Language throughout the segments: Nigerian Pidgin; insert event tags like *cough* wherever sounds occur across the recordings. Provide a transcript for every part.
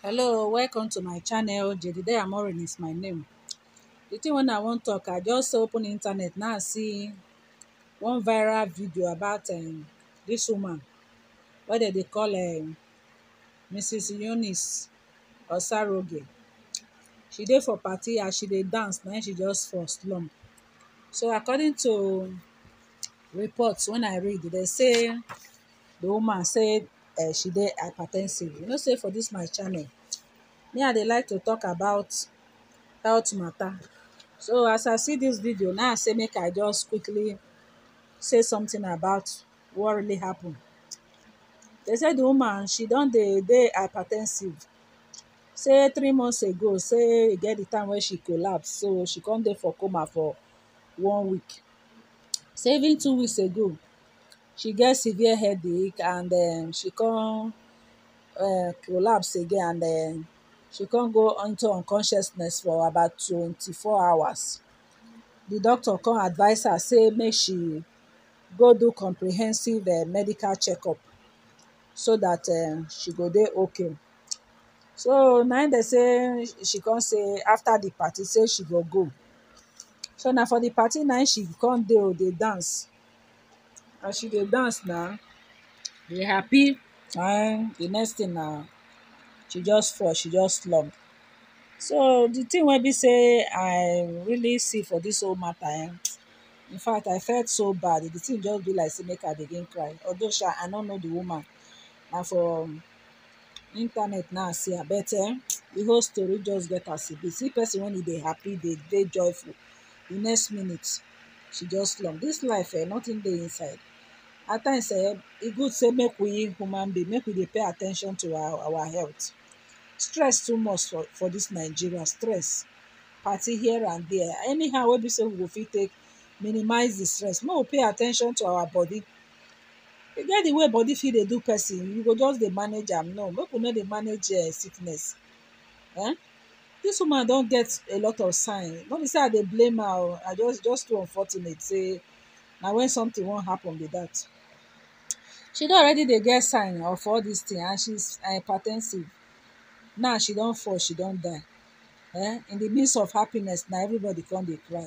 hello welcome to my channel jedidiah maureen is my name the thing when i wan talk i just open internet now see one viral video about um, this woman wey dem dey call um, mrs eunice osaroge she dey for party as she dey dance na she just for slump so according to reports when i read they say the woman say uh, she dey hypertensive you know say for this my channel me i dey like to talk about health matter so as i see this video now i say make i just quickly say something about what really happen they say the woman she don dey dey hypertensive say three months ago say e get the time wey she collapse so she come dey for coma for one week say even two weeks ago she get severe headache and um, she come um, uh, collapse again and um, she come go into unconsciousness for about twenty-four hours the doctor come advise her say make she go do comprehensive uh, medical checkup so that um, she go dey okay so na im dey say she come say after the party say she go go so na for the party na she come dey o dey dance as she dey dance na dey happy and the next thing na she just fall she just slump so the thing wey be say i really see for this whole matter eh in fact i felt so bad the thing just be like say make i begin cry although sha i no know the woman na for um, internet now see her but eh the whole story just get as e be see person when e dey happy dey dey joyful the next minute she just slump this life eh nothing dey inside at times eh, e good say make we human being make we dey pay at ten tion to our, our health stress too much for, for this nigeria stress party here and there anyhow wey be say we go fit take minimize the stress make we pay at ten tion to our body e get the way body fit dey do person you go just dey manage am no make we no dey manage uh, sickness eh? this woman don get a lot of sign no be say i dey blame her o i just just too unfortunate say na when something wan happen be that she don already dey get sign of all dis thing and she's hypertensive. Now she don fall, she don die. Eh? In the midst of happiness na everybody come dey cry.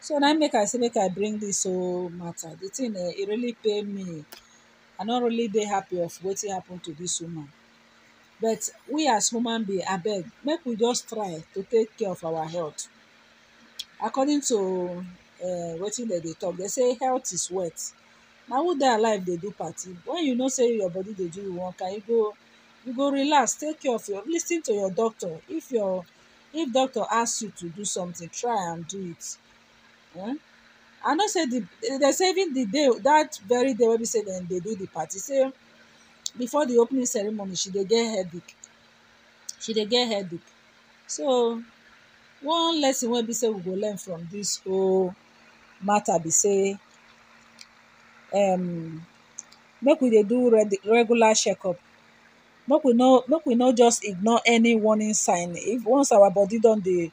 So na im make I say make I bring this whole matter. The thing eh, e really pain me. I no really dey happy of wetin happen to this woman. But we as human being abeg make we just try to take care of our health. According to um wetin they dey talk, they say health is wealth na who die alive dey do party when you know say your body dey do you one kind ah, you go you go relax take care of your lis ten to your doctor if your if doctor ask you to do something try and do it um i know say the they say even the day that very day wey be say dem dey do the party say before the opening ceremony she dey get headache she dey get headache so one lesson wey be say we go learn from this whole matter be say um make we dey do regular checkup make we no make we no just ignore any warning sign if once our body don dey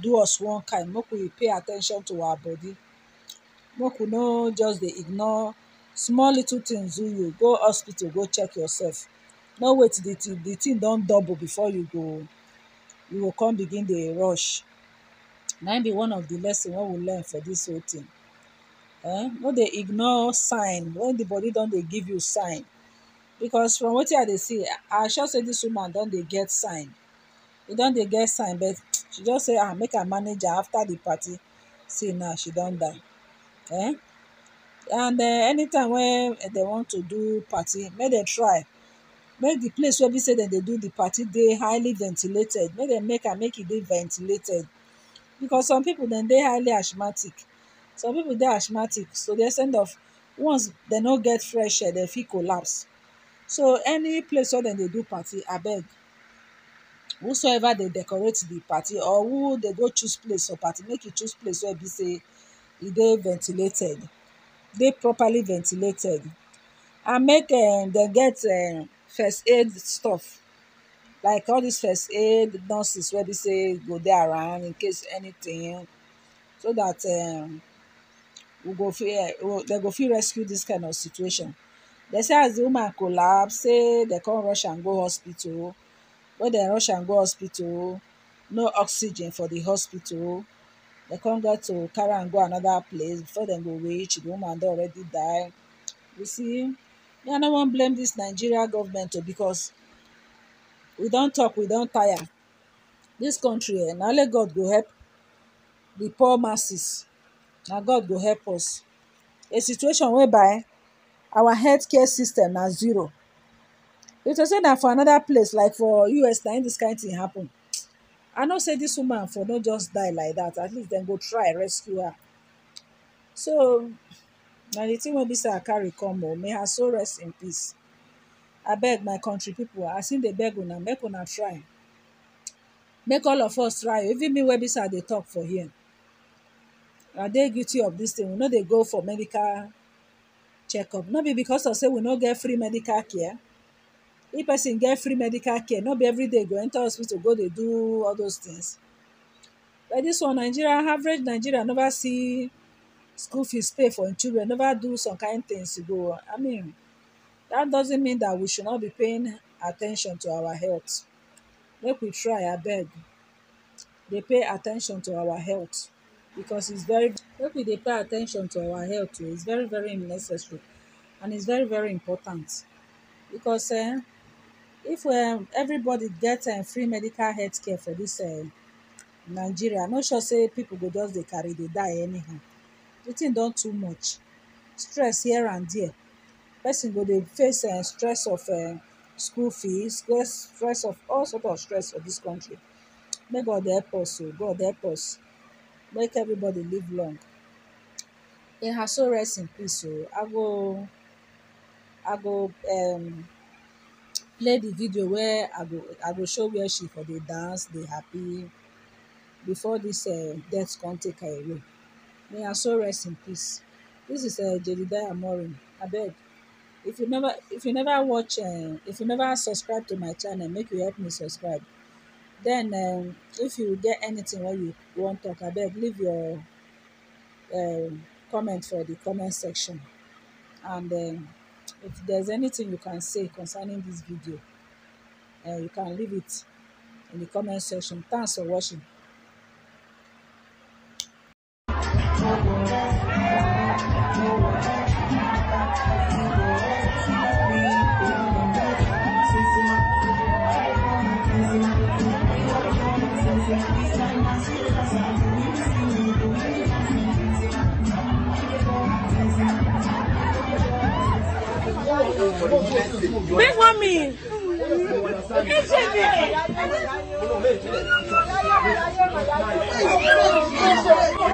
do us one kind make we pay at ten tion to our body make we no just dey ignore small little things do you go hospital go check yourself no wait the thing the thing don double before you go you go come begin dey rush na im be one of the lesson wey we learn for this whole thing eh no dey ignore sign when the body don dey give you sign because from wetin i dey see i sure say this woman don dey get sign e don dey get sign but she just say ah make i manage her after the party see now she don die eh and uh, anytime when they want to do party make dem try make the place wey be say dem dey do the party dey highly ventilated make dem make am make e dey ventilated because some people dem dey highly asthmatic some people dey asthmatic so the extent of once dem no get fresh air dem fit collapse. So any place wey dem dey do party abeg whosoever dey decorate the party or who dey go choose place for party make you e choose place wey e be say e dey ventilated, dey properly ventilated and make um dem get um first aid stuff like all dis first aid nurses wey be say go dey around in case anything so that. um we go fit uh, eh, dem go fit rescue this kind of situation They say as the woman collapse say dem come rush and go hospital wen they rush and go hospital no oxygen for the hospital They come get to carry and go another place before dem go reach the woman They already die you see me no one blame this nigeria government oh, because we don't talk we don't tire This country and eh, na only god go help the poor masses na god go help us a situation whereby our healthcare system na zero if to say na for another place like for us na im dis kind thing happen *tsk* i know say this woman for no just die like that. at least dem go try rescue her so na the tin wey be say i carry come o oh, may her soul rest in peace abeg my country people. as im dey beg una make una try make all of us try even me wey be say i dey talk for here are they guilty of this thing we know they go for medical checkup Not be because of say we not get free medical care if person get free medical care Not be everyday go to hospital go They do all those things but this one nigeria average nigeria never see school fees pay for children never do some kind things to go i mean that doesn't mean that we should not be paying attention to our health make we try beg. They pay attention to our health because it's very make we pay attention to our health too. Oh, it's very very necessary and it's very very important because um, if um, everybody gets a eh, free medical health care for this nigeria i no sure say people go just they carry they die anyhow the thing don too much stress here and there person go they face um, stress of school fees stress stress of all sort of stress for this country may god help us o oh, god help us. make everybody live long in her soul rest in peace o i go i go um, play the video where i go i go show where she for the dance the happy before this uh, death come take her away may her soul rest in peace this is uh, jedidiah morin I beg. if you never if you never watch uh, if you never subscribe to my channel make you help me subscribe Then, um, if you get anything wey you wan talk abeg leave your um, comment for the comment section and um, if there's anything you can say concerning this video uh, you can leave it in the comment section thanks for watching Big mommy. me? mi.